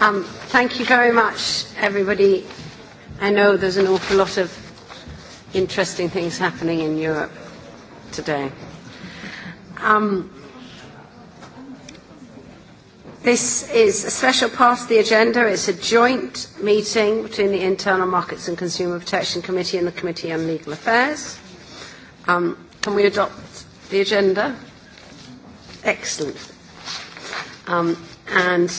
Um, thank you very much, everybody. I know there's an awful lot of interesting things happening in Europe today. Um, this is a special part of the agenda. It's a joint meeting between the Internal Markets and Consumer Protection Committee and the Committee on Legal Affairs. Um, can we adopt the agenda? Excellent. Um, and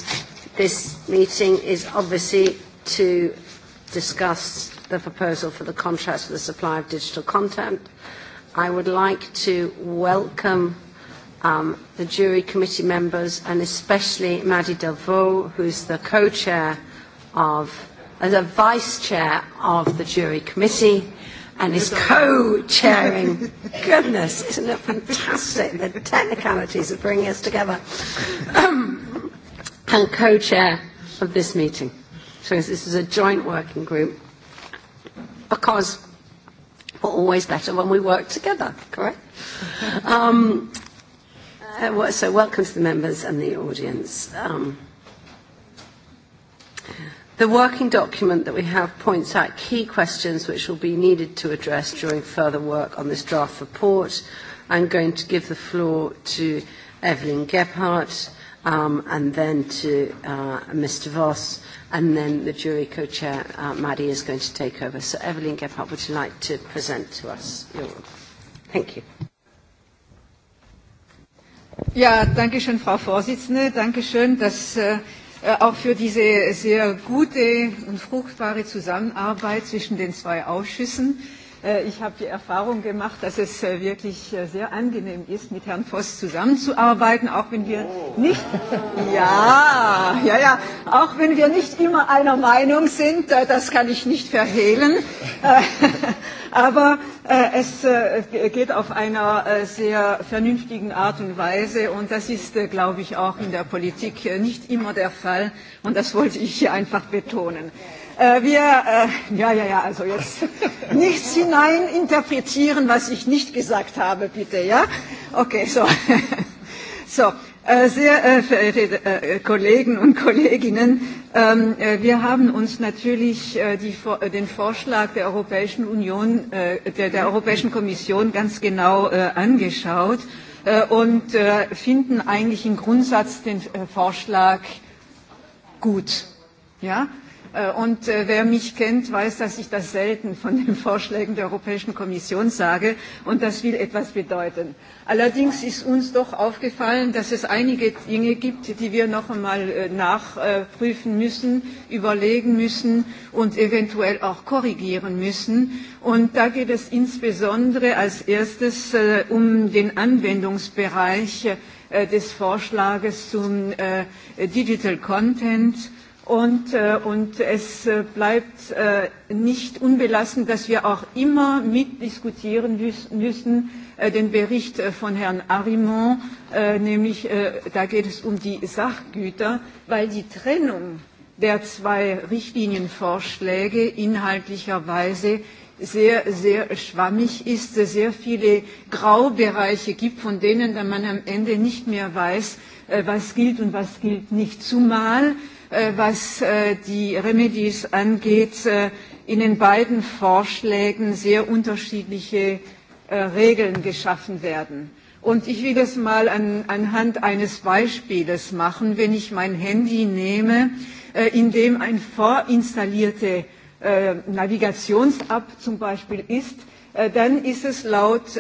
This meeting is obviously to discuss the proposal for the contracts for the supply of digital content. I would like to welcome the jury committee members and especially Maddie Delvaux, who's the co-chair of, the vice chair of the jury committee and is co-chairing. Goodness, isn't it fantastic the technicalities that bringing us together and co-chair of this meeting. So this is a joint working group because we're always better when we work together, correct? um, so welcome to the members and the audience. Um, the working document that we have points out key questions which will be needed to address during further work on this draft report. I'm going to give the floor to Evelyn Gebhardt, and then to uh, Mr. Voss, and then the jury co-chair, Maddie, is going to take over. So Evelyn Gephardt, would you like to present to us? your Thank you. Ja, danke schön, Frau Vorsitzende. Danke schön, dass auch für diese sehr gute und fruchtbare Zusammenarbeit zwischen den zwei Ausschüssen. Ich habe die Erfahrung gemacht, dass es wirklich sehr angenehm ist, mit Herrn Voss zusammenzuarbeiten, auch wenn wir nicht, auch wenn wir nicht immer einer Meinung sind, das kann ich nicht verhehlen. Aber es geht auf einer sehr vernünftigen Art und Weise und das ist, glaube ich, auch in der Politik nicht immer der Fall und das wollte ich hier einfach betonen. Wir, ja, ja, ja, also jetzt nichts hineininterpretieren, was ich nicht gesagt habe, bitte, ja? Okay, so. So, sehr verehrte Kollegen und Kolleginnen, wir haben uns natürlich den Vorschlag der Europäischen Union, der Europäischen Kommission ganz genau angeschaut und finden eigentlich im Grundsatz den Vorschlag gut, ja? Und wer mich kennt, weiß, dass ich das selten von den Vorschlägen der Europäischen Kommission sage, und das will etwas bedeuten. Allerdings ist uns doch aufgefallen, dass es einige Dinge gibt, die wir noch einmal nachprüfen müssen, überlegen müssen und eventuell auch korrigieren müssen. Und da geht es insbesondere als erstes um den Anwendungsbereich des Vorschlags zum Digital Content Und es bleibt nicht unbelassen, dass wir auch immer mitdiskutieren müssen den Bericht von Herrn Arimont, nämlich da geht es um die Sachgüter, weil die Trennung der zwei Richtlinienvorschläge inhaltlicherweise sehr, sehr schwammig ist, sehr viele Graubereiche gibt, von denen man am Ende nicht mehr weiß, was gilt und was gilt nicht. Zumal was die Remedies angeht, in den beiden Vorschlägen sehr unterschiedliche Regeln geschaffen werden. Und ich will das mal anhand eines Beispiels machen, wenn ich mein Handy nehme, in dem ein vorinstallierte Navigationsapp zum Beispiel ist, dann ist es laut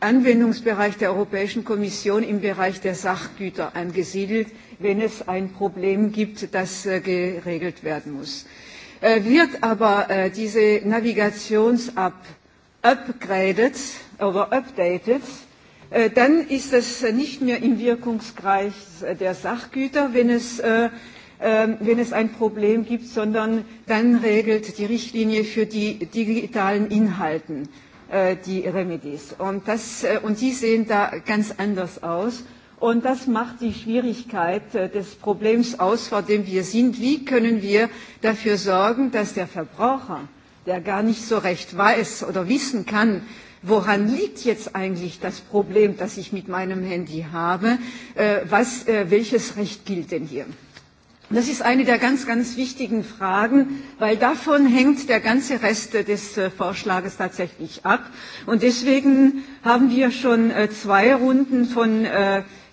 Anwendungsbereich der Europäischen Kommission im Bereich der Sachgüter angesiedelt, wenn es ein Problem gibt, das geregelt werden muss. Wird aber diese Navigations-App upgraded oder updated, dann ist es nicht mehr im Wirkungskreis der Sachgüter, wenn es wenn es ein Problem gibt, sondern dann regelt die Richtlinie für die digitalen Inhalten die Remedies. Und, und die sehen da ganz anders aus. Und das macht die Schwierigkeit des Problems aus, vor dem wir sind. Wie können wir dafür sorgen, dass der Verbraucher, der gar nicht so recht weiß oder wissen kann, woran liegt jetzt eigentlich das Problem, das ich mit meinem Handy habe, welches Recht gilt denn hier? Das ist eine der ganz, ganz wichtigen Fragen, weil davon hängt der ganze Rest des Vorschlages tatsächlich ab. Und deswegen haben wir schon zwei Runden von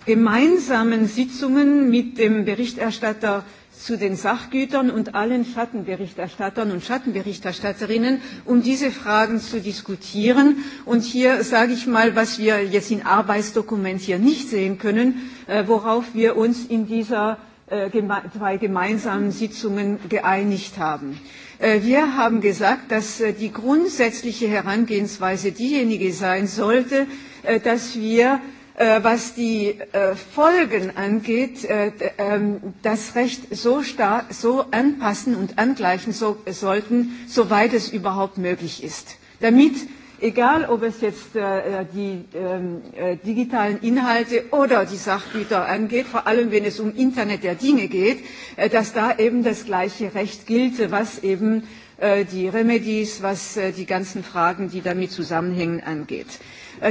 gemeinsamen Sitzungen mit dem Berichterstatter zu den Sachgütern und allen Schattenberichterstattern und Schattenberichterstatterinnen, um diese Fragen zu diskutieren. Und hier sage ich mal, was wir jetzt im Arbeitsdokument hier nicht sehen können, worauf wir uns in dieser zwei gemeinsamen Sitzungen geeinigt haben. Wir haben gesagt, dass die grundsätzliche Herangehensweise diejenige sein sollte, dass wir, was die Folgen angeht, das Recht so anpassen und angleichen sollten, soweit es überhaupt möglich ist, damit egal ob es jetzt die digitalen Inhalte oder die Sachgüter angeht, vor allem wenn es um Internet der Dinge geht, dass da eben das gleiche Recht gilt, was eben die Remedies, was die ganzen Fragen, die damit zusammenhängen, angeht.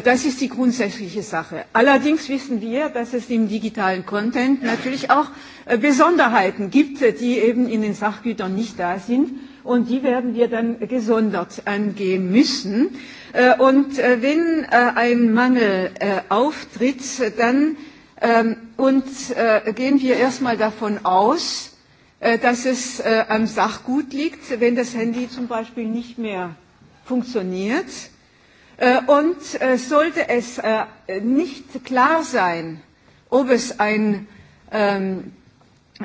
Das ist die grundsätzliche Sache. Allerdings wissen wir, dass es im digitalen Content natürlich auch Besonderheiten gibt, die eben in den Sachgütern nicht da sind und die werden wir dann gesondert angehen müssen. Und wenn ein Mangel auftritt, dann gehen wir erstmal davon aus, dass es am Sachgut liegt, wenn das Handy zum Beispiel nicht mehr funktioniert. Und sollte es nicht klar sein, ob es ein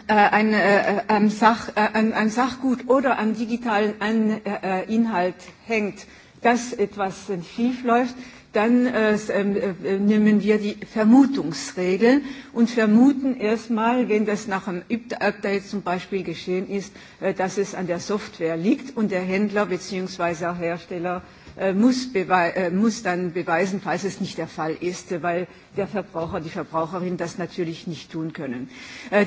ein Sachgut oder am digitalen Inhalt hängt, dass etwas schief dann nehmen wir die Vermutungsregeln und vermuten erstmal, wenn das nach einem Update zum Beispiel geschehen ist, dass es an der Software liegt und der Händler bzw. Hersteller muss dann beweisen, falls es nicht der Fall ist, weil der Verbraucher, die Verbraucherin das natürlich nicht tun können.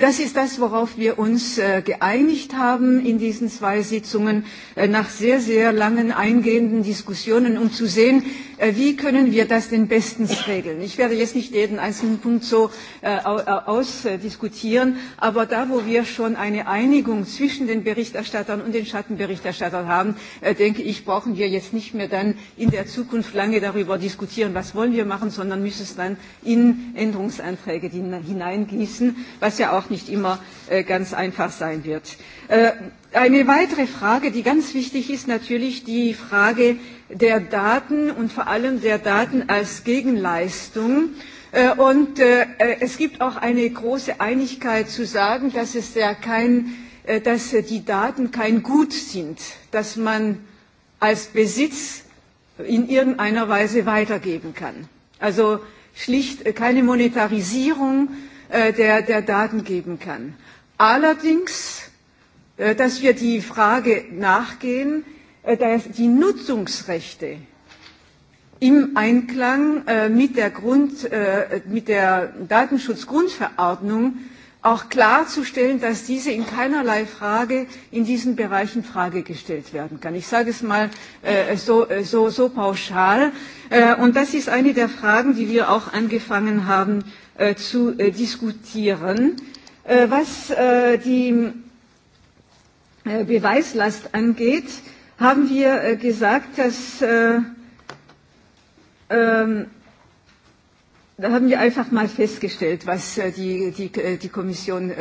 Das ist das, worauf wir uns geeinigt haben in diesen zwei Sitzungen, nach sehr, sehr langen, eingehenden Diskussionen, um zu sehen, Wie können wir das denn bestens regeln? Ich werde jetzt nicht jeden einzelnen Punkt so ausdiskutieren, aber da, wo wir schon eine Einigung zwischen den Berichterstattern und den Schattenberichterstattern haben, denke ich, brauchen wir jetzt nicht mehr dann in der Zukunft lange darüber diskutieren, was wollen wir machen, sondern müssen es dann in Änderungsanträge hineingießen, was ja auch nicht immer ganz einfach sein wird. Eine weitere Frage, die ganz wichtig ist, natürlich die Frage der Daten und vor allem der Daten als Gegenleistung. Und es gibt auch eine große Einigkeit zu sagen, dass es ja kein, dass die Daten kein Gut sind, dass man als Besitz in irgendeiner Weise weitergeben kann. Also schlicht keine Monetarisierung der Daten geben kann. Allerdings dass wir die Frage nachgehen, dass die Nutzungsrechte im Einklang mit der Datenschutzgrundverordnung auch klarzustellen, dass diese in keinerlei Frage in diesen Bereichen Frage gestellt werden kann. Ich sage es mal so pauschal. Und das ist eine der Fragen, die wir auch angefangen haben zu diskutieren. Was die Beweislast angeht, haben wir gesagt, dass da haben wir einfach mal festgestellt, was die, Kommission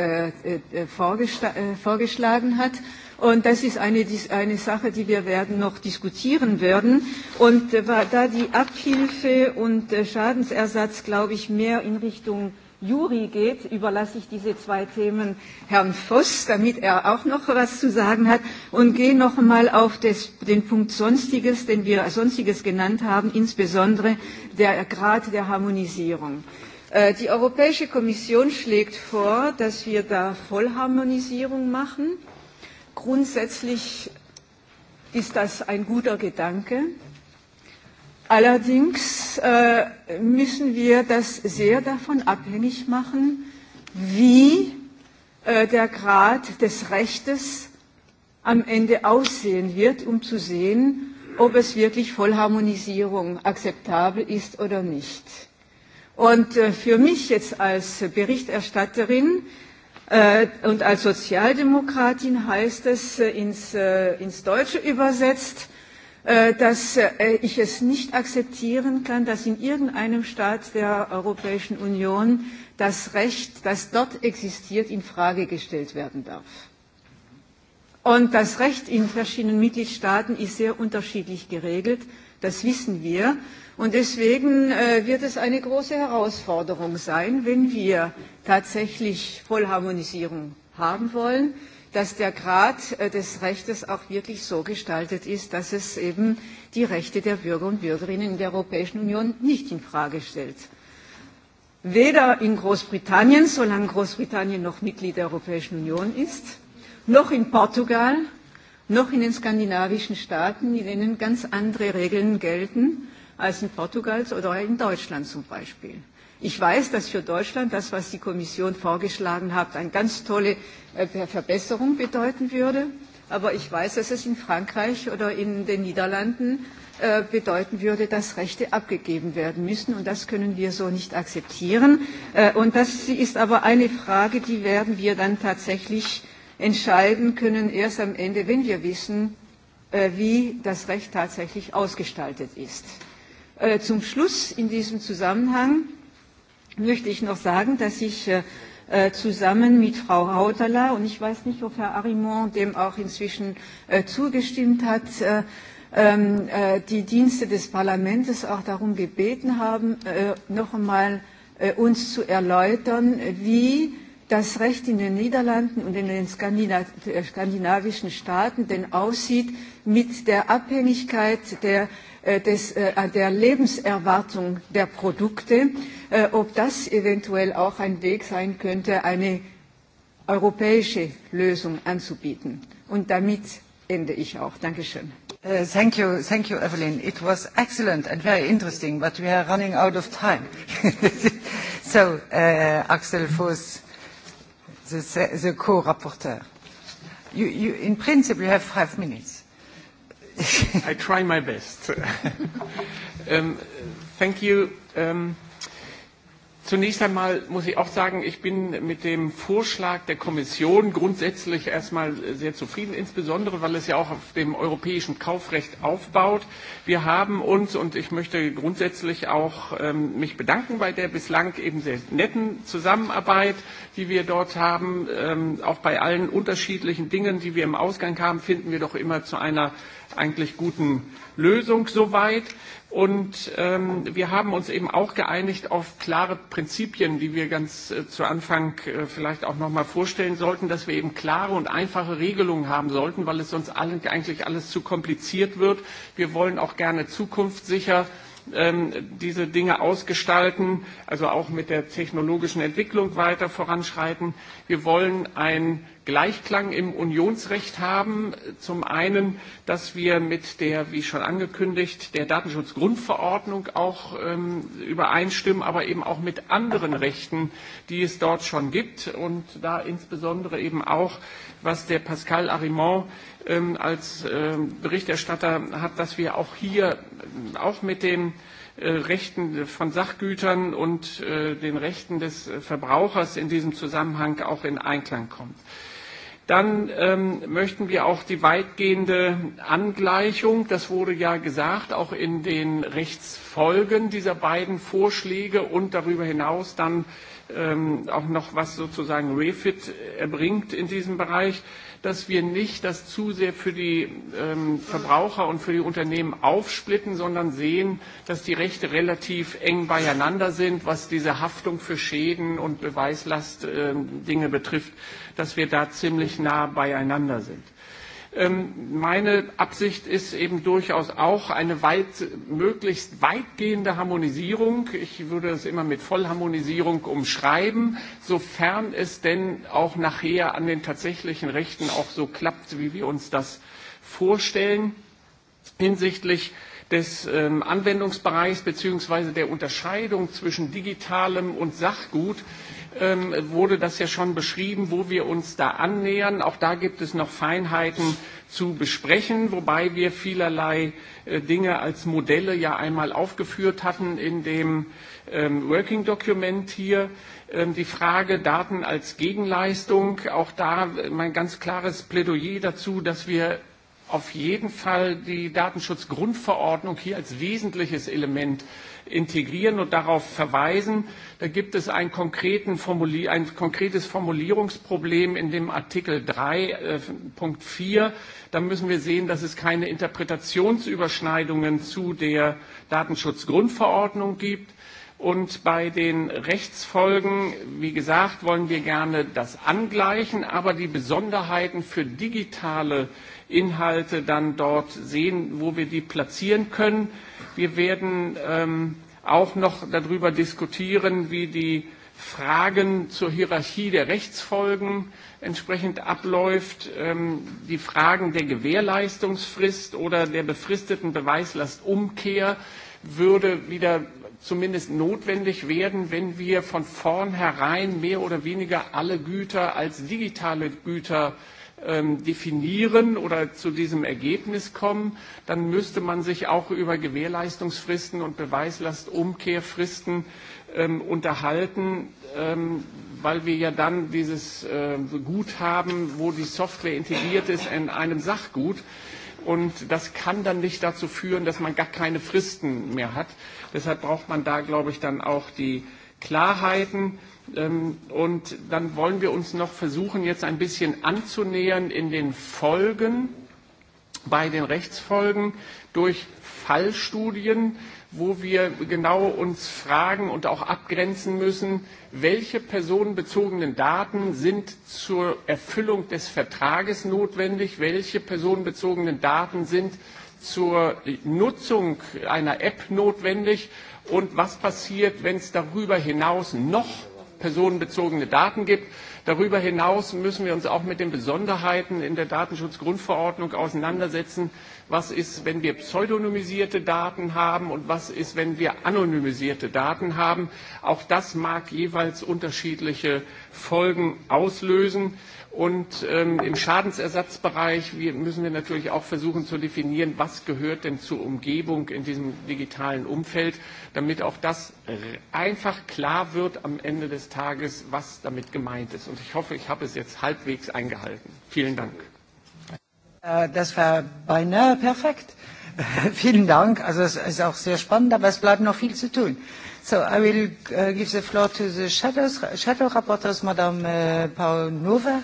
vorgeschlagen hat. Und das ist eine, eine Sache, die wir werden noch diskutieren werden. Und da die Abhilfe und Schadensersatz, glaube ich, mehr in Richtung Juri geht, überlasse ich diese zwei Themen Herrn Voss, damit er auch noch was zu sagen hat und gehe noch einmal auf den Punkt Sonstiges, den wir Sonstiges genannt haben, insbesondere der Grad der Harmonisierung. Die Europäische Kommission schlägt vor, dass wir da Vollharmonisierung machen. Grundsätzlich ist das ein guter Gedanke. Allerdings müssen wir das sehr davon abhängig machen, wie der Grad des Rechts am Ende aussehen wird, um zu sehen, ob es wirklich Vollharmonisierung akzeptabel ist oder nicht. Und für mich jetzt als Berichterstatterin und als Sozialdemokratin heißt es ins Deutsche übersetzt, dass ich es nicht akzeptieren kann, dass in irgendeinem Staat der Europäischen Union das Recht, das dort existiert, in Frage gestellt werden darf. Und das Recht in verschiedenen Mitgliedstaaten ist sehr unterschiedlich geregelt, das wissen wir. Und deswegen wird es eine große Herausforderung sein, wenn wir tatsächlich Vollharmonisierung haben wollen dass der Grad des Rechts auch wirklich so gestaltet ist, dass es eben die Rechte der Bürger und Bürgerinnen in der Europäischen Union nicht in Frage stellt. Weder in Großbritannien, solange Großbritannien noch Mitglied der Europäischen Union ist, noch in Portugal, noch in den skandinavischen Staaten, in denen ganz andere Regeln gelten als in Portugal oder in Deutschland zum Beispiel. Ich weiß, dass für Deutschland das, was die Kommission vorgeschlagen hat, eine ganz tolle Verbesserung bedeuten würde. Aber ich weiß, dass es in Frankreich oder in den Niederlanden bedeuten würde, dass Rechte abgegeben werden müssen. Und das können wir so nicht akzeptieren. Und das ist aber eine Frage, die werden wir dann tatsächlich entscheiden können, erst am Ende, wenn wir wissen, wie das Recht tatsächlich ausgestaltet ist. Zum Schluss in diesem Zusammenhang möchte ich noch sagen, dass ich zusammen mit Frau Hautala und ich weiß nicht, ob Herr Arimont dem auch inzwischen zugestimmt hat, die Dienste des Parlaments auch darum gebeten haben, noch einmal uns zu erläutern, wie das Recht in den Niederlanden und in den skandinavischen Staaten denn aussieht mit der Abhängigkeit der der Lebenserwartung der Produkte, ob das eventuell auch ein Weg sein könnte, eine europäische Lösung anzubieten. Und damit ende ich auch. Dankeschön. Thank you, thank you, Evelyn. It was excellent and very interesting, but we are running out of time. So, Axel Voss, the co-rapporteur. In principle, you have five minutes. I try my best. Thank you. Zunächst einmal muss ich auch sagen, ich bin mit dem Vorschlag der Kommission grundsätzlich erstmal sehr zufrieden, insbesondere weil es ja auch auf dem europäischen Kaufrecht aufbaut. Wir haben uns, und ich möchte mich grundsätzlich auch bedanken bei der bislang eben sehr netten Zusammenarbeit, die wir dort haben. Auch bei allen unterschiedlichen Dingen, die wir im Ausgang haben, finden wir doch immer zu einer eigentlich guten Lösung soweit. Und wir haben uns eben auch geeinigt auf klare Prinzipien, die wir ganz zu Anfang vielleicht auch noch mal vorstellen sollten, dass wir eben klare und einfache Regelungen haben sollten, weil es sonst eigentlich alles zu kompliziert wird. Wir wollen auch gerne zukunftssicher diese Dinge ausgestalten, also auch mit der technologischen Entwicklung weiter voranschreiten. Wir wollen ein Gleichklang im Unionsrecht haben. Zum einen, dass wir mit der, wie schon angekündigt, der Datenschutzgrundverordnung auch übereinstimmen, aber eben auch mit anderen Rechten, die es dort schon gibt. Und da insbesondere eben auch, was der Pascal Arimont als Berichterstatter hat, dass wir auch hier, auch mit den Rechten von Sachgütern und den Rechten des Verbrauchers in diesem Zusammenhang auch in Einklang kommt. Dann möchten wir auch die weitgehende Angleichung, das wurde ja gesagt, auch in den Rechtsfolgen dieser beiden Vorschläge und darüber hinaus dann auch noch was sozusagen Refit erbringt in diesem Bereich, dass wir nicht das zu sehr für die Verbraucher und für die Unternehmen aufsplitten, sondern sehen, dass die Rechte relativ eng beieinander sind, was diese Haftung für Schäden und Beweislast Dinge betrifft, dass wir da ziemlich nah beieinander sind. Meine Absicht ist eben durchaus auch eine möglichst weitgehende Harmonisierung. Ich würde es immer mit Vollharmonisierung umschreiben, sofern es denn auch nachher an den tatsächlichen Rechten auch so klappt, wie wir uns das vorstellen. Hinsichtlich des Anwendungsbereichs bzw. der Unterscheidung zwischen digitalem und Sachgut wurde das ja schon beschrieben, wo wir uns da annähern. Auch da gibt es noch Feinheiten zu besprechen, wobei wir vielerlei Dinge als Modelle ja einmal aufgeführt hatten in dem Working Document hier. Die Frage Daten als Gegenleistung, auch da mein ganz klares Plädoyer dazu, dass wir auf jeden Fall die Datenschutzgrundverordnung hier als wesentliches Element integrieren und darauf verweisen. Da gibt es ein konkretes Formulierungsproblem in dem Artikel 3.4. Da müssen wir sehen, dass es keine Interpretationsüberschneidungen zu der Datenschutzgrundverordnung gibt. Und bei den Rechtsfolgen, wie gesagt, wollen wir gerne das angleichen, aber die Besonderheiten für digitale Inhalte dann dort sehen, wo wir die platzieren können. Wir werden auch noch darüber diskutieren, wie die Fragen zur Hierarchie der Rechtsfolgen entsprechend abläuft, die Fragen der Gewährleistungsfrist oder der befristeten Beweislastumkehr würde wieder zumindest notwendig werden, wenn wir von vornherein mehr oder weniger alle Güter als digitale Güter definieren oder zu diesem Ergebnis kommen, dann müsste man sich auch über Gewährleistungsfristen und Beweislastumkehrfristen unterhalten, weil wir ja dann dieses Gut haben, wo die Software integriert ist, in einem Sachgut Und das kann dann nicht dazu führen, dass man gar keine Fristen mehr hat. Deshalb braucht man da, glaube ich, dann auch die Klarheiten. Und dann wollen wir uns noch versuchen, jetzt ein bisschen anzunähern in den Folgen, bei den Rechtsfolgen durch Fallstudien wo wir uns genau fragen und auch abgrenzen müssen, welche personenbezogenen Daten sind zur Erfüllung des Vertrags notwendig, welche personenbezogenen Daten sind zur Nutzung einer App notwendig und was passiert, wenn es darüber hinaus noch personenbezogene Daten gibt. Darüber hinaus müssen wir uns auch mit den Besonderheiten in der Datenschutzgrundverordnung auseinandersetzen. Was ist, wenn wir pseudonymisierte Daten haben und was ist, wenn wir anonymisierte Daten haben? Auch das mag jeweils unterschiedliche Folgen auslösen. Und im Schadensersatzbereich müssen wir natürlich auch versuchen zu definieren, was gehört denn zur Umgebung in diesem digitalen Umfeld, damit auch das einfach klar wird am Ende des Tages, was damit gemeint ist und ich hoffe, ich habe es jetzt halbwegs eingehalten. Vielen Dank. Das war beinahe perfekt. Vielen Dank. Also es ist auch sehr spannend, aber es bleibt noch viel zu tun. So I will give the floor to the shadows, shadow rapporteurs, Madame Paul Nova.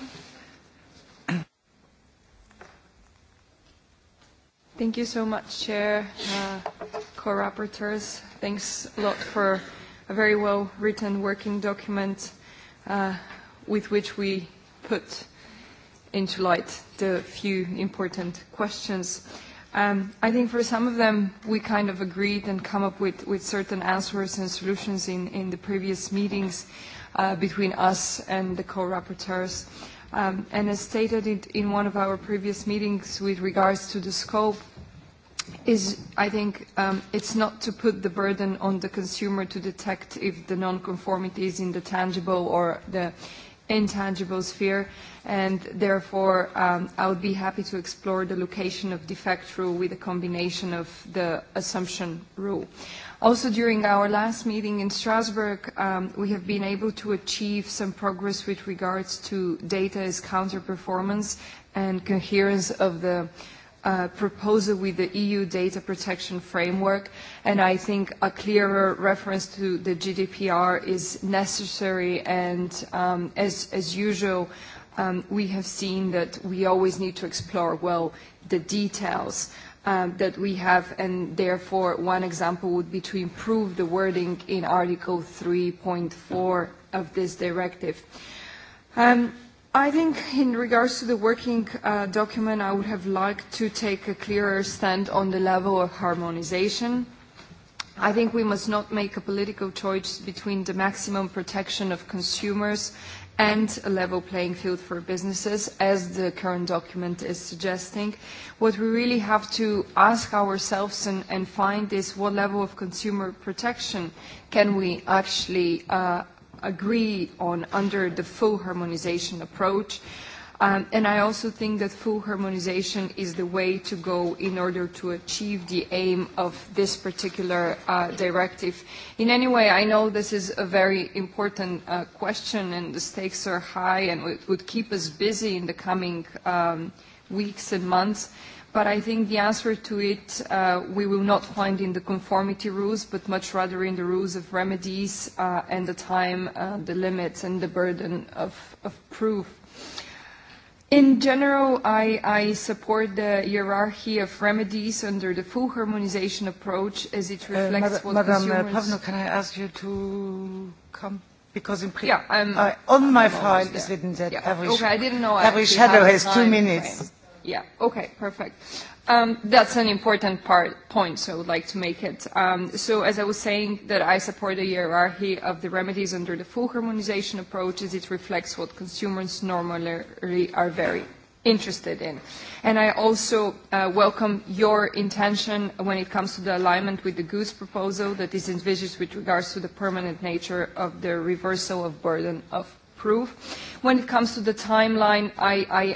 Thank you so much, Chair, co-rapporteurs. Thanks a lot for a very well-written working document with which we put into light the few important questions. I think for some of them we kind of agreed and come up with, with certain answers and solutions in, in the previous meetings between us and the co-rapporteurs. and as stated in one of our previous meetings with regards to the scope, is I think it's not to put the burden on the consumer to detect if the non-conformity is in the tangible or the intangible sphere, and therefore I would be happy to explore the location of defect rule with a combination of the assumption rule. Also, during our last meeting in Strasbourg, we have been able to achieve some progress with regards to data as counter-performance and coherence of the proposal with the EU data protection framework, and I think a clearer reference to the GDPR is necessary, and as usual, we have seen that we always need to explore well the details that we have, and therefore one example would be to improve the wording in Article 3.4 of this directive. I think in regards to the working document, I would have liked to take a clearer stand on the level of harmonization. I think we must not make a political choice between the maximum protection of consumers and a level playing field for businesses, as the current document is suggesting. What we really have to ask ourselves and find is what level of consumer protection can we actually agree on under the full harmonisation approach. And I also think that full harmonisation is the way to go in order to achieve the aim of this particular directive. In any way, I know this is a very important question and the stakes are high and it would keep us busy in the coming weeks and months. But I think the answer to it we will not find in the conformity rules, but much rather in the rules of remedies and the time, the limits and the burden of proof. In general, I support the hierarchy of remedies under the full harmonization approach as it reflects what consumers... Madam can I ask you to come? Because in on my file is written that every, every shadow has two minutes. Yeah. Okay. Perfect. That's an important part point, so I would like to make it. So as I was saying, that I support the hierarchy of the remedies under the full harmonization approach, as it reflects what consumers normally are very interested in. And I also welcome your intention when it comes to the alignment with the Goose proposal that is envisaged with regards to the permanent nature of the reversal of burden of proof. When it comes to the timeline, I, I,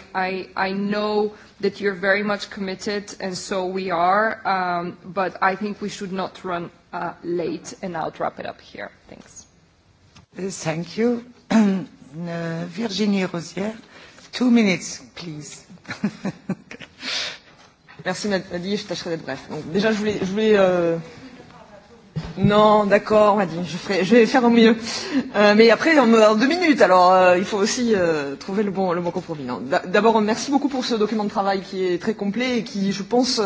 I, I know that you're very much committed, and so we are, um, but I think we should not run uh, late, and I'll wrap it up here. Thanks. Thank you. Virginie Rosière, two minutes, please. Merci, Nadie. Je tâcherai d'être bref. Déjà, je voulais, je voulais Non, d'accord, m'a dit, je, je vais faire au mieux. Euh, mais après, en, en deux minutes, alors il faut aussi trouver le bon, le bon compromis. D'abord, merci beaucoup pour ce document de travail qui est très complet et qui, je pense,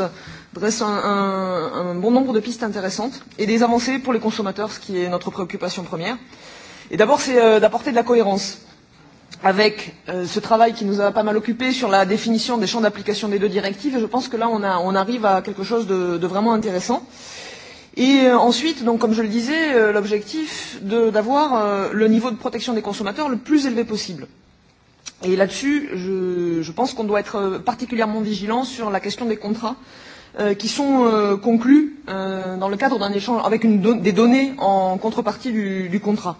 dresse un, un, un bon nombre de pistes intéressantes et des avancées pour les consommateurs, ce qui est notre préoccupation première. Et d'abord, c'est d'apporter de la cohérence avec ce travail qui nous a pas mal occupé sur la définition des champs d'application des deux directives. Et je pense que là, on, a, on arrive à quelque chose de, de vraiment intéressant. Et ensuite, donc, comme je le disais, l'objectif d'avoir le niveau de protection des consommateurs le plus élevé possible. Et là-dessus, je, je pense qu'on doit être particulièrement vigilant sur la question des contrats qui sont conclus dans le cadre d'un échange avec une, des données en contrepartie du, du contrat.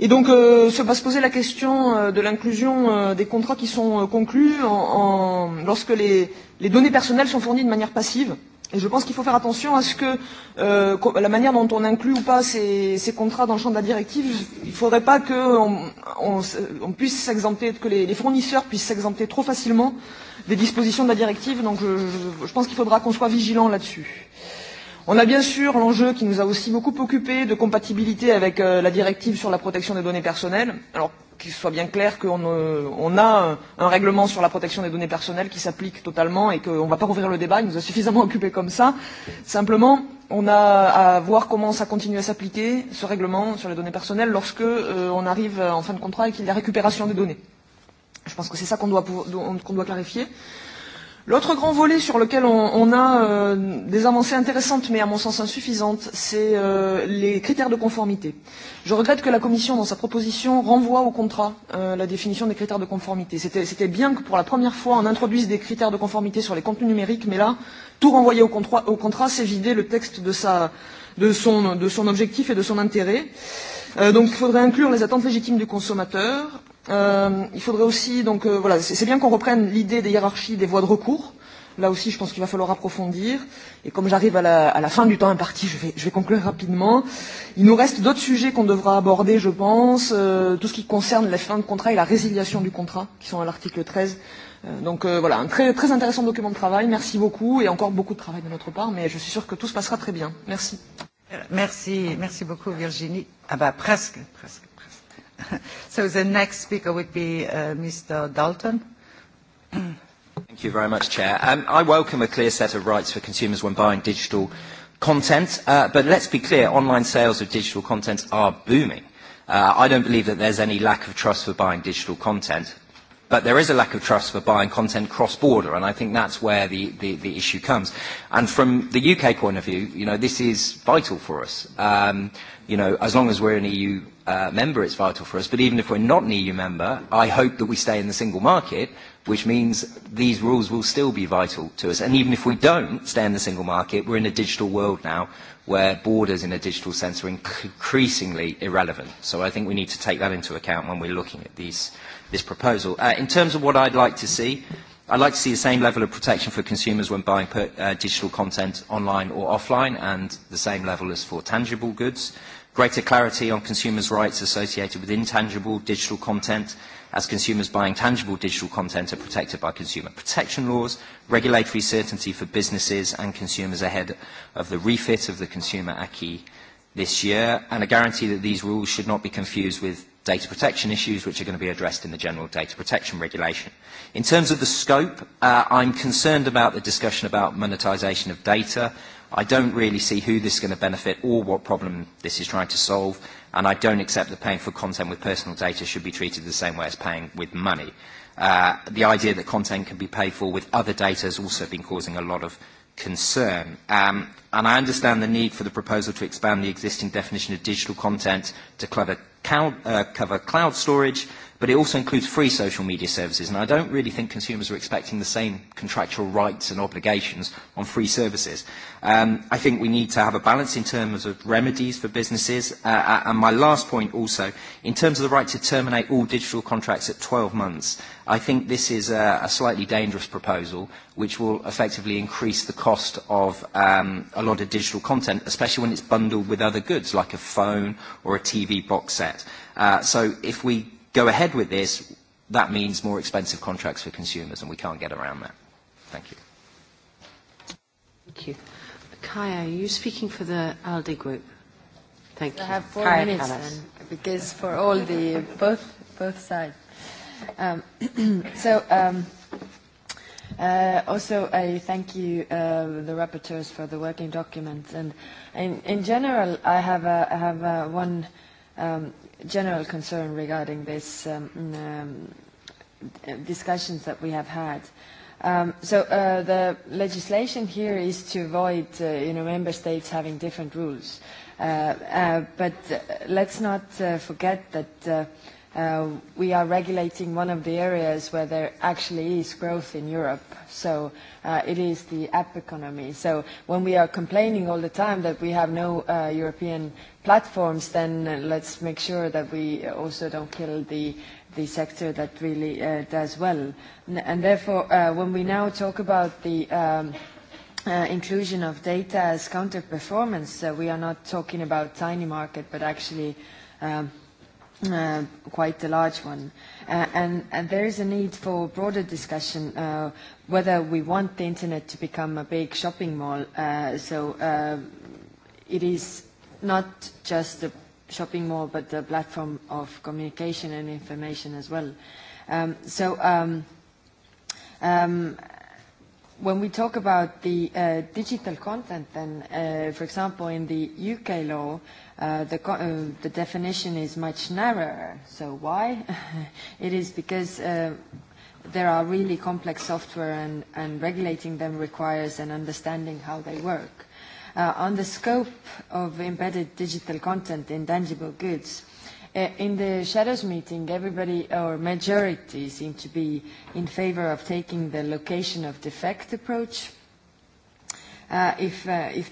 Et donc, se va se poser la question de l'inclusion des contrats qui sont conclus en, en, lorsque les, les données personnelles sont fournies de manière passive Et je pense qu'il faut faire attention à ce que la manière dont on inclut ou pas ces, ces contrats dans le champ de la directive, il ne faudrait pas que, on, on, puisse que les, les fournisseurs puissent s'exempter trop facilement des dispositions de la directive. Donc je, je, pense qu'il faudra qu'on soit vigilant là-dessus. On a bien sûr l'enjeu qui nous a aussi beaucoup occupé de compatibilité avec la directive sur la protection des données personnelles. Alors qu'il soit bien clair qu'on a un règlement sur la protection des données personnelles qui s'applique totalement et qu'on ne va pas rouvrir le débat, il nous a suffisamment occupé comme ça. Simplement, on a à voir comment ça continue à s'appliquer, ce règlement sur les données personnelles, lorsque on arrive en fin de contrat et qu'il y a récupération des données. Je pense que c'est ça qu'on doit clarifier. L'autre grand volet sur lequel on a des avancées intéressantes mais à mon sens insuffisantes, c'est les critères de conformité. Je regrette que la Commission, dans sa proposition, renvoie au contrat la définition des critères de conformité. C'était bien que pour la première fois, on introduise des critères de conformité sur les contenus numériques, mais là, tout renvoyer au contrat, c'est vider le texte de son objectif et de son intérêt. Donc il faudrait inclure les attentes légitimes du consommateur il faudrait aussi donc voilà c'est bien qu'on reprenne l'idée des hiérarchies des voies de recours là aussi je pense qu'il va falloir approfondir et comme j'arrive à la à la fin du temps imparti je vais je vais conclure rapidement il nous reste d'autres sujets qu'on devra aborder je pense tout ce qui concerne la fin de contrat et la résiliation du contrat qui sont à l'article 13 donc voilà un très très intéressant document de travail merci beaucoup et encore beaucoup de travail de notre part mais je suis sûre que tout se passera très bien merci merci merci beaucoup Virginie ah bah presque presque So the next speaker would be Mr. Dalton. Thank you very much, Chair. I welcome a clear set of rights for consumers when buying digital content, but let's be clear, online sales of digital content are booming. I don't believe that there's any lack of trust for buying digital content but there is a lack of trust for buying content cross-border, and I think that's where the, the, the issue comes. And from the UK point of view, you know, this is vital for us. Um, you know, as long as we're an EU member, it's vital for us. But even if we're not an EU member, I hope that we stay in the single market, which means these rules will still be vital to us. And even if we don't stay in the single market, we're in a digital world now where borders in a digital sense are increasingly irrelevant. So I think we need to take that into account when we're looking at this proposal. in terms of what I'd like to see, I'd like to see the same level of protection for consumers when buying digital content online or offline and the same level as for tangible goods. Greater clarity on consumers' rights associated with intangible digital content as consumers buying tangible digital content are protected by consumer protection laws, regulatory certainty for businesses and consumers ahead of the refit of the consumer acquis this year, and a guarantee that these rules should not be confused with data protection issues, which are going to be addressed in the General Data Protection Regulation. In terms of the scope, I'm concerned about the discussion about monetization of data. I don't really see who this is going to benefit or what problem this is trying to solve, and I don't accept that paying for content with personal data should be treated the same way as paying with money. The idea that content can be paid for with other data has also been causing a lot of concern and I understand the need for the proposal to expand the existing definition of digital content to cover cloud storage, but it also includes free social media services, and I don't really think consumers are expecting the same contractual rights and obligations on free services. I think we need to have a balance in terms of remedies for businesses, and my last point also, in terms of the right to terminate all digital contracts at 12 months, I think this is a slightly dangerous proposal, which will effectively increase the cost of a lot of digital content, especially when it's bundled with other goods like a phone or a TV box set. So if we go ahead with this, that means more expensive contracts for consumers, and we can't get around that. Thank you. Thank you. Kaya, are you speaking for the ALDE group? Thank you. I have four minutes then, because for all the both both sides. So Also, I thank you, the rapporteurs, for the working document. And in general, I have one general concern regarding these discussions that we have had. So the legislation here is to avoid, you know, member states having different rules. But let's not forget that we are regulating one of the areas where there actually is growth in Europe. So it is the app economy. So when we are complaining all the time that we have no European platforms, then let's make sure that we also don't kill the the sector that really does well. And therefore, when we now talk about the inclusion of data as counter-performance, we are not talking about tiny market, but actually quite a large one. And there is a need for broader discussion whether we want the Internet to become a big shopping mall. So it is not just a shopping mall, but a platform of communication and information as well. So when we talk about the digital content, then, for example, in the UK law, the definition is much narrower. So why? It is because there are really complex software and regulating them requires an understanding how they work. On the scope of embedded digital content in tangible goods, in the shadows meeting, everybody or majority seem to be in favor of taking the location of defect approach If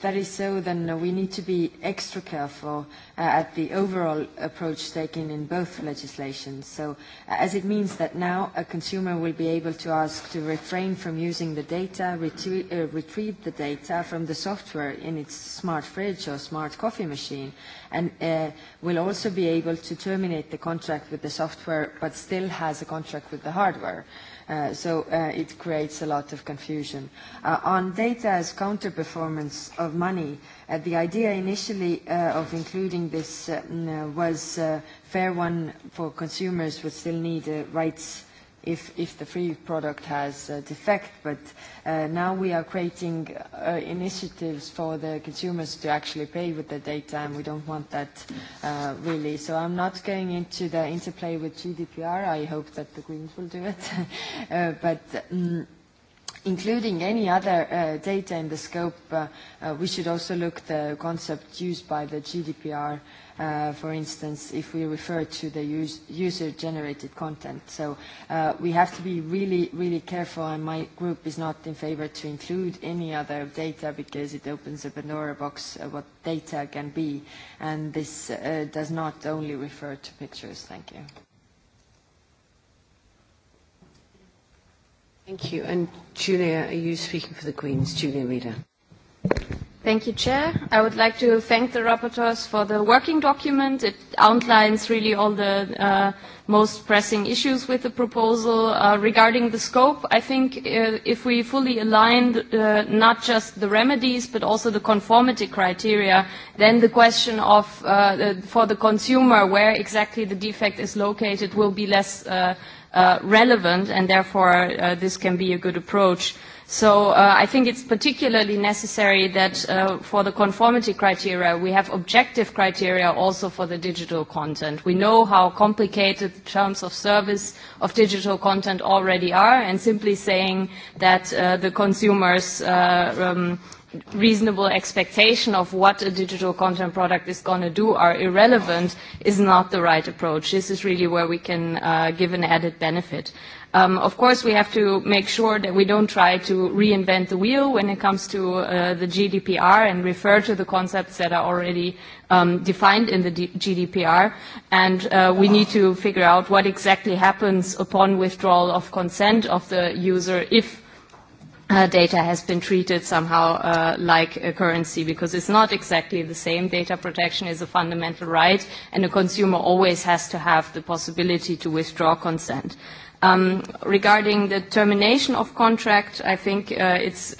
that is so, then we need to be extra careful at the overall approach taken in both legislations. So, as it means that now a consumer will be able to ask to refrain from using the data, retrieve the data from the software in its smart fridge or smart coffee machine, and will also be able to terminate the contract with the software, but still has a contract with the hardware so it creates a lot of confusion. On data as counter-performance of money, the idea initially of including this was a fair one for consumers who still need rights if the free product has a defect, but now we are creating initiatives for the consumers to actually pay with the data, and we don't want that really. So I'm not going into the interplay with GDPR. I hope that the Greens will do it. But including any other data in the scope, we should also look the concept used by the GDPR, for instance, if we refer to the user-generated content. So we have to be really, really careful, and my group is not in favor to include any other data because it opens a Pandora box what data can be, and this does not only refer to pictures. Thank you. Thank you. And Julia, are you speaking for the Greens? Julia Reader. Thank you, Chair. I would like to thank the rapporteurs for the working document. It outlines really all the most pressing issues with the proposal. Regarding the scope, I think if we fully align not just the remedies but also the conformity criteria, then the question of for the consumer where exactly the defect is located will be less relevant, and therefore this can be a good approach. So I think it's particularly necessary that for the conformity criteria, we have objective criteria also for the digital content. We know how complicated the terms of service of digital content already are, and simply saying that the consumers reasonable expectation of what a digital content product is going to do are irrelevant is not the right approach. This is really where we can give an added benefit. Of course, we have to make sure that we don't try to reinvent the wheel when it comes to the GDPR and refer to the concepts that are already defined in the GDPR. And we need to figure out what exactly happens upon withdrawal of consent of the user if data has been treated somehow like a currency because it's not exactly the same. Data protection is a fundamental right and a consumer always has to have the possibility to withdraw consent. Regarding the termination of contract, I think it's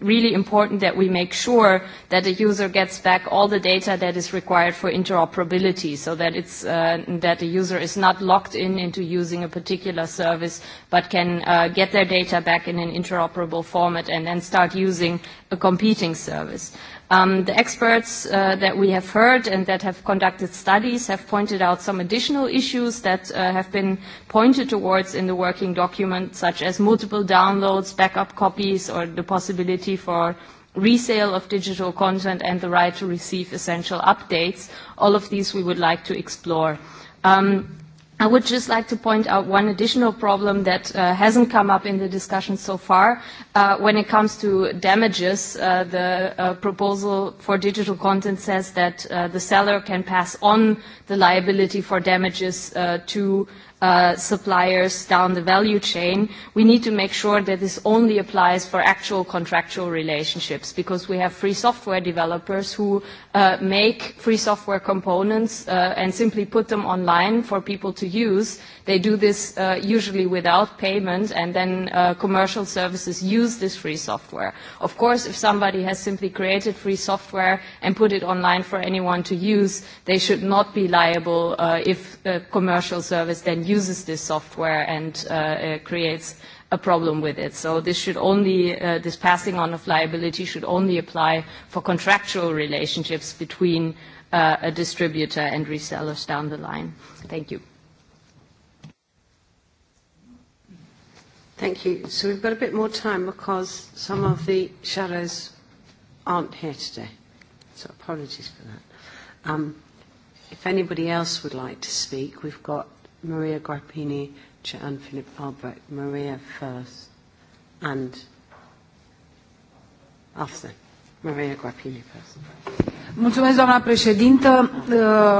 really important that we make sure that the user gets back all the data that is required for interoperability, so that it's that the user is not locked in into using a particular service, but can get their data back in an interoperable format and then start using a competing service. The experts that we have heard and that have conducted studies have pointed out some additional issues that have been pointed towards in the working document, such as multiple downloads, backup copies, or the possibility for resale of digital content and the right to receive essential updates. All of these we would like to explore. I would just like to point out one additional problem that hasn't come up in the discussion so far. When it comes to damages, the proposal for digital content says that the seller can pass on the liability for damages to suppliers down the value chain, we need to make sure that this only applies for actual contractual relationships because we have free software developers who make free software components and simply put them online for people to use. They do this usually without payment and then commercial services use this free software. Of course, if somebody has simply created free software and put it online for anyone to use, they should not be liable if the commercial service then uses this software and creates a problem with it. So this should only, this passing on of liability should only apply for contractual relationships between a distributor and resellers down the line. Thank you. Thank you. So we've got a bit more time because some of the shadows aren't here today. So apologies for that. Um, if anybody else would like to speak, we've got Maria Grappini and Philip Albrecht. Maria first and After. Mulțumesc, doamna președintă.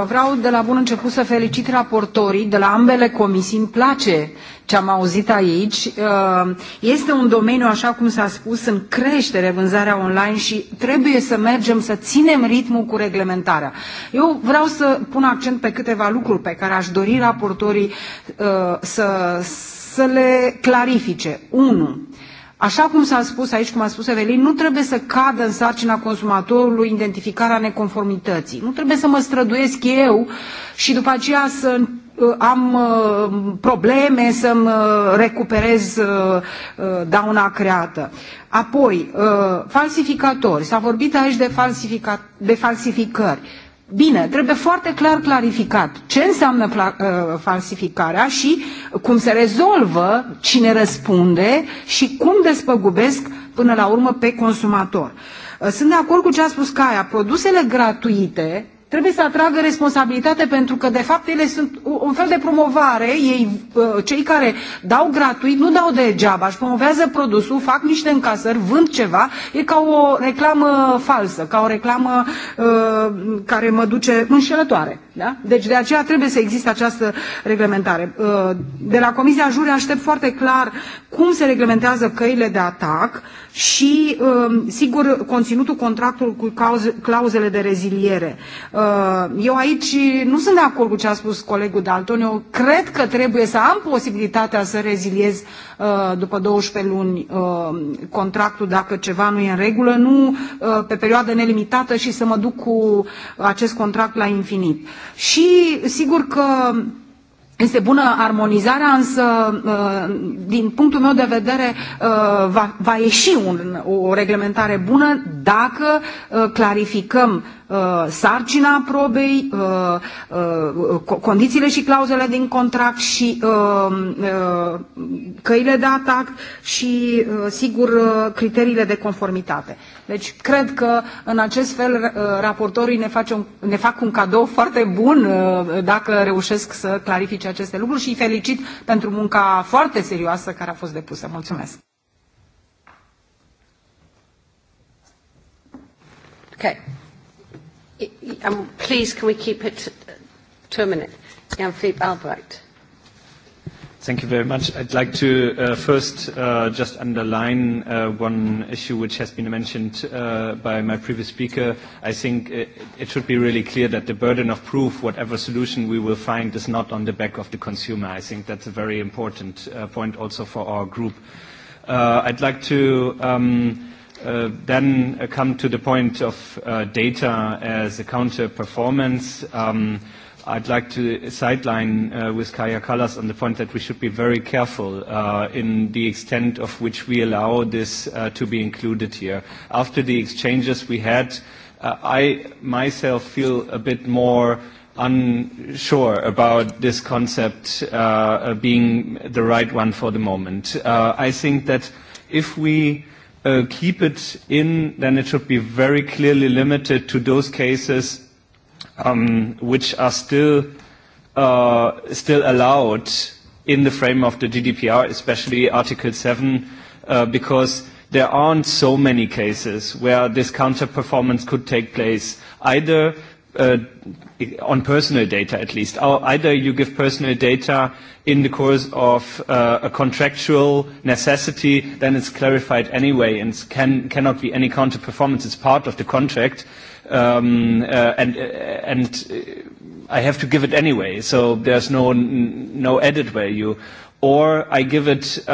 Vreau de la bun început să felicit raportorii de la ambele comisii. Îmi place ce am auzit aici. Este un domeniu, așa cum s-a spus, în creștere vânzarea online și trebuie să mergem să ținem ritmul cu reglementarea. Eu vreau să pun accent pe câteva lucruri pe care aș dori raportorii să, să le clarifice. 1 Așa cum s-a spus aici, cum a spus Evelin, nu trebuie să cadă în sarcina consumatorului identificarea neconformității. Nu trebuie să mă străduiesc eu și după aceea să am probleme să-mi recuperez dauna creată. Apoi, falsificatori. S-a vorbit aici de, falsifica, de falsificări Bine, trebuie foarte clar clarificat ce înseamnă falsificarea și cum se rezolvă, cine răspunde și cum despăgubesc până la urmă pe consumator. Sunt de acord cu ce a spus Caia, produsele gratuite trebuie să atragă responsabilitate pentru că de fapt ele sunt un fel de promovare cei care dau gratuit nu dau degeaba își promovează produsul fac niște încasări vând ceva e ca o reclamă falsă ca o reclamă care mă duce înșelătoare da? deci de aceea trebuie să existe această reglementare de la Comisia Jure aștept foarte clar cum se reglementează căile de atac și sigur conținutul contractului cu clauzele de reziliere eu aici nu sunt de acord cu ce a spus colegul Dalton. Eu cred că trebuie să am posibilitatea să reziliez după 12 luni contractul dacă ceva nu e în regulă, nu pe perioadă nelimitată și să mă duc cu acest contract la infinit. Și sigur că Este bună armonizarea, însă, din punctul meu de vedere, va, va ieși un, o reglementare bună dacă clarificăm sarcina probei, condițiile și clauzele din contract și căile de atac și, sigur, criteriile de conformitate. Deci cred că în acest fel raportorii ne, face ne fac un cadou foarte bun dacă reușesc să clarifice aceste lucruri și îi felicit pentru munca foarte serioasă care a fost depusă. Mulțumesc! Okay. Um, please, can we keep it to a minute? Jan Philippe Thank you very much. I'd like to first just underline one issue which has been mentioned by my previous speaker. I think it should be really clear that the burden of proof, whatever solution we will find, is not on the back of the consumer. I think that's a very important point also for our group. I'd like to then come to the point of data as a counter-performance. I'd like to sideline with Kaya Kallas on the point that we should be very careful in the extent of which we allow this to be included here. After the exchanges we had, I myself feel a bit more unsure about this concept being the right one for the moment. I think that if we keep it in, then it should be very clearly limited to those cases which are still still allowed in the frame of the GDPR, especially Article 7, because there aren't so many cases where this counter-performance could take place, either on personal data at least. Either you give personal data in the course of a contractual necessity, then it's clarified anyway and can cannot be any counter-performance. It's part of the contract and and I have to give it anyway. So there's no no edit where you or I give it, give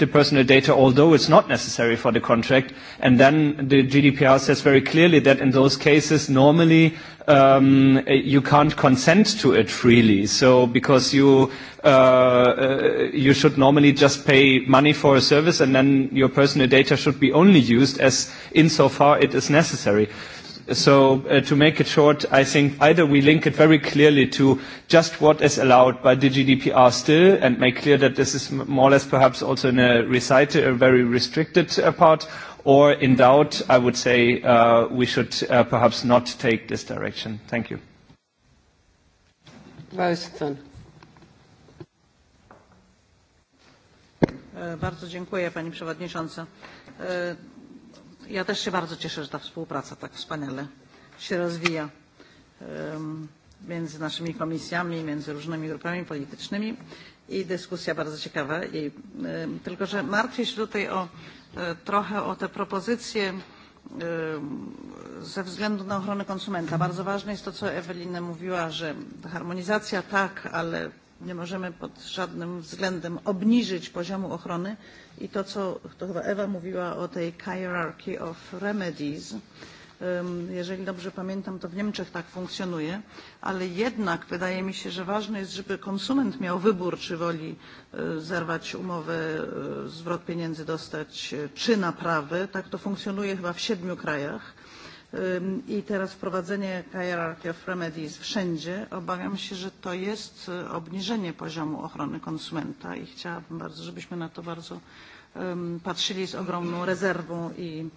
the personal data, although it's not necessary for the contract, and then the GDPR says very clearly that in those cases normally you can't consent to it freely. So because you you should normally just pay money for a service, and then your personal data should be only used as insofar it is necessary. So to make it short, I think either we link it very clearly to just what is allowed by the GDPR still and make clear that this is more or less perhaps also in a recital, a very restricted part, or in doubt, I would say we should perhaps not take this direction. Thank you. Bardzo dziękuję Pani Przewodnicząca. Ja też się bardzo cieszę, że ta współpraca tak wspaniale się rozwija między naszymi komisjami, między różnymi grupami politycznymi i dyskusja bardzo ciekawa. I, tylko, że martwię się tutaj o, trochę o te propozycje ze względu na ochronę konsumenta. Bardzo ważne jest to, co Ewelina mówiła, że harmonizacja tak, ale nie możemy pod żadnym względem obniżyć poziomu ochrony i to, co to chyba Ewa mówiła o tej hierarchy of remedies, jeżeli dobrze pamiętam, to w Niemczech tak funkcjonuje, ale jednak wydaje mi się, że ważne jest, żeby konsument miał wybór, czy woli zerwać umowę, zwrot pieniędzy dostać, czy naprawy. Tak to funkcjonuje chyba w siedmiu krajach i teraz wprowadzenie hierarchy of remedies wszędzie, obawiam się, że to jest obniżenie poziomu ochrony konsumenta i chciałabym bardzo, żebyśmy na to bardzo patrzyli z ogromną rezerwą i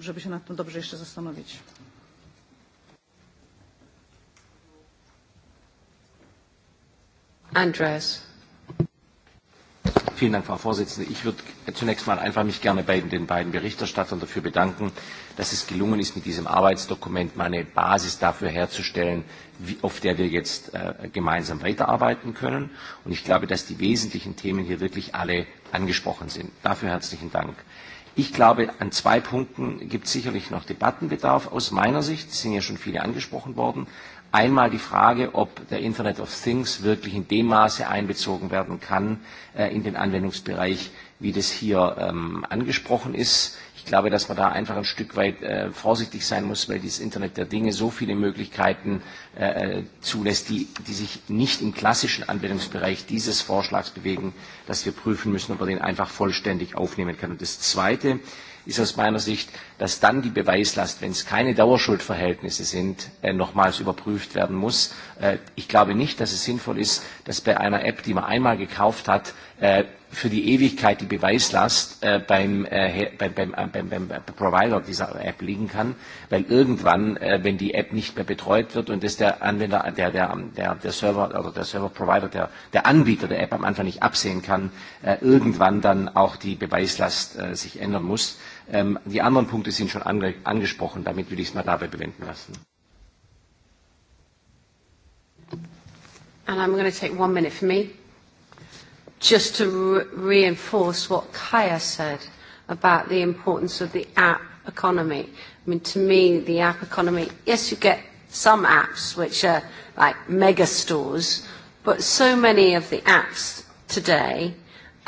żeby się nad tym dobrze jeszcze zastanowić. Andreas. Vielen Dank, Frau Vorsitzende. Ich würde zunächst mal einfach mich gerne bei den beiden Berichterstattern dafür bedanken, dass es gelungen ist, mit diesem Arbeitsdokument mal eine Basis dafür herzustellen, auf der wir jetzt gemeinsam weiterarbeiten können. Und ich glaube, dass die wesentlichen Themen hier wirklich alle angesprochen sind. Dafür herzlichen Dank. Ich glaube, an zwei Punkten gibt es sicherlich noch Debattenbedarf aus meiner Sicht. Es sind ja schon viele angesprochen worden. Einmal die Frage, ob der Internet of Things wirklich in dem Maße einbezogen werden kann in den Anwendungsbereich, wie das hier angesprochen ist. Ich glaube, dass man da einfach ein Stück weit vorsichtig sein muss, weil dieses Internet der Dinge so viele Möglichkeiten zulässt, die sich nicht im klassischen Anwendungsbereich dieses Vorschlags bewegen, dass wir prüfen müssen, ob man den einfach vollständig aufnehmen kann. Und das Zweite ist aus meiner Sicht, dass dann die Beweislast, wenn es keine Dauerschuldverhältnisse sind, nochmals überprüft werden muss. Ich glaube nicht, dass es sinnvoll ist, dass bei einer App, die man einmal gekauft hat, für die Ewigkeit die Beweislast beim Provider dieser App liegen kann, weil irgendwann, wenn die App nicht mehr betreut wird und das der Anwender, der der der Server oder der Server Provider, der der Anbieter der App am Anfang nicht absehen kann, irgendwann dann auch die Beweislast sich ändern muss. Die anderen Punkte sind schon angesprochen. Damit will ich es mal dabei bewenden lassen. And I'm going to take one minute for me, just to reinforce what Kaya said about the importance of the app economy. I mean, to me, the app economy, yes, you get some apps which are like mega stores, but so many of the apps today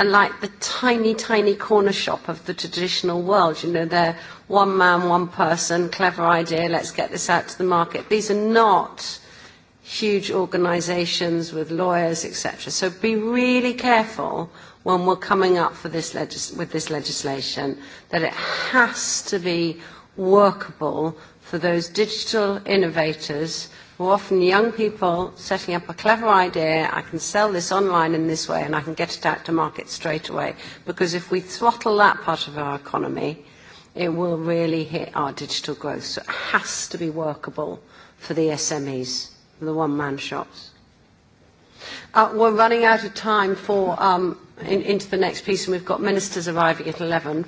like the tiny, tiny corner shop of the traditional world. You know, they're one man, one person, clever idea, let's get this out to the market. These are not huge organisations with lawyers, etc. So be really careful when we're coming up for this legis with this legislation that it has to be workable for those digital innovators We're often young people setting up a clever idea, I can sell this online in this way and I can get it out to market straight away. Because if we throttle that part of our economy, it will really hit our digital growth. So it has to be workable for the SMEs, the one-man shops. We're running out of time for into the next piece and we've got ministers arriving at 11.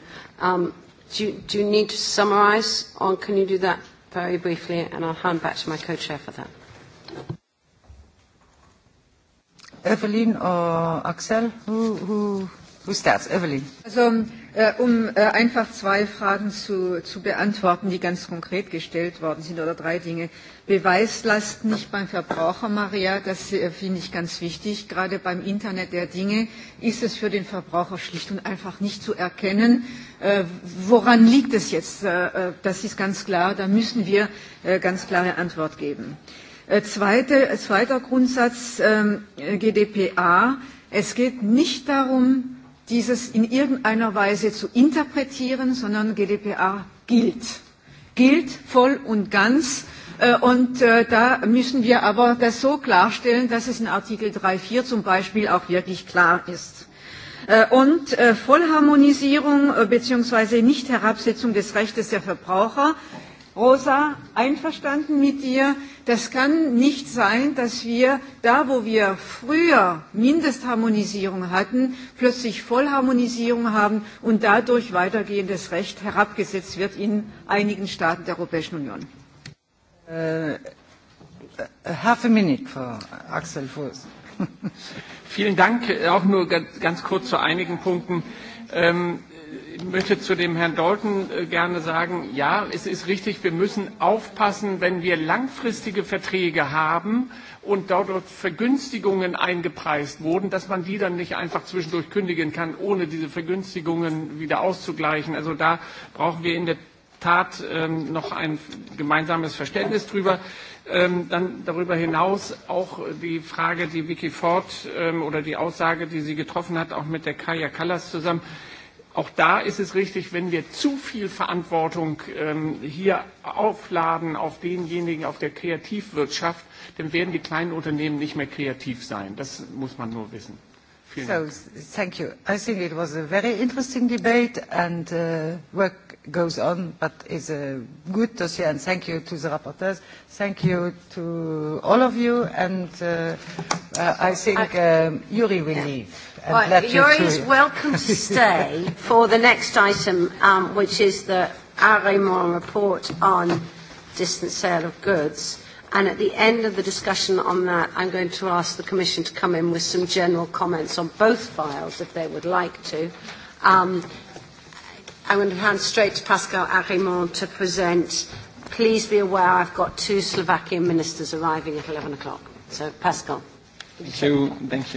Do you need to summarise or can you do that? very briefly, and I'll hand back to my co-chair for that. Evelyn or Axel, who, who, who starts? Evelyn. So, Um einfach zwei Fragen zu beantworten, die ganz konkret gestellt worden sind, oder drei Dinge. Beweislast nicht beim Verbraucher, Maria, das finde ich ganz wichtig. Gerade beim Internet der Dinge ist es für den Verbraucher schlicht und einfach nicht zu erkennen, woran liegt es jetzt. Das ist ganz klar, da müssen wir ganz klare Antwort geben. Zweiter Grundsatz, GDPR. Es geht nicht darum, dieses in irgendeiner Weise zu interpretieren, sondern GDPR gilt. Gilt voll und ganz. Und da müssen wir aber das so klarstellen, dass es in Artikel 3.4 zum Beispiel auch wirklich klar ist. Und Vollharmonisierung bzw. Nichtherabsetzung des Rechts der Verbraucher Rosa, einverstanden mit dir, das kann nicht sein, dass wir da, wo wir früher Mindestharmonisierung hatten, plötzlich Vollharmonisierung haben und dadurch weitergehendes Recht herabgesetzt wird in einigen Staaten der Europäischen Union. Half a minute for Axel Voss. Vielen Dank. Auch nur ganz kurz zu einigen Punkten Ich möchte zu dem Herrn Dalton gerne sagen, ja, es ist richtig, wir müssen aufpassen, wenn wir langfristige Verträge haben und dort Vergünstigungen eingepreist wurden, dass man die dann nicht einfach zwischendurch kündigen kann, ohne diese Vergünstigungen wieder auszugleichen. Also da brauchen wir in der Tat noch ein gemeinsames Verständnis drüber. Dann darüber hinaus auch die Frage, die Vicky Ford oder die Aussage, die sie getroffen hat, auch mit der Kaya Kallas zusammen Auch da ist es richtig, wenn wir zu viel Verantwortung hier aufladen auf denjenigen, auf der Kreativwirtschaft, dann werden die kleinen Unternehmen nicht mehr kreativ sein. Das muss man nur wissen. So, thank you. I think it was a very interesting debate and work goes on, but is a good dossier and thank you to the rapporteurs. Thank you to all of you and I think Yuri will leave. Yuri is welcome to stay for the next item, which is the Arremont report on distant sale of goods. And at the end of the discussion on that, I'm going to ask the Commission to come in with some general comments on both files, if they would like to. Um, I'm going to hand straight to Pascal Arimont to present. Please be aware I've got two Slovakian ministers arriving at 11 o'clock. So, Pascal. Thank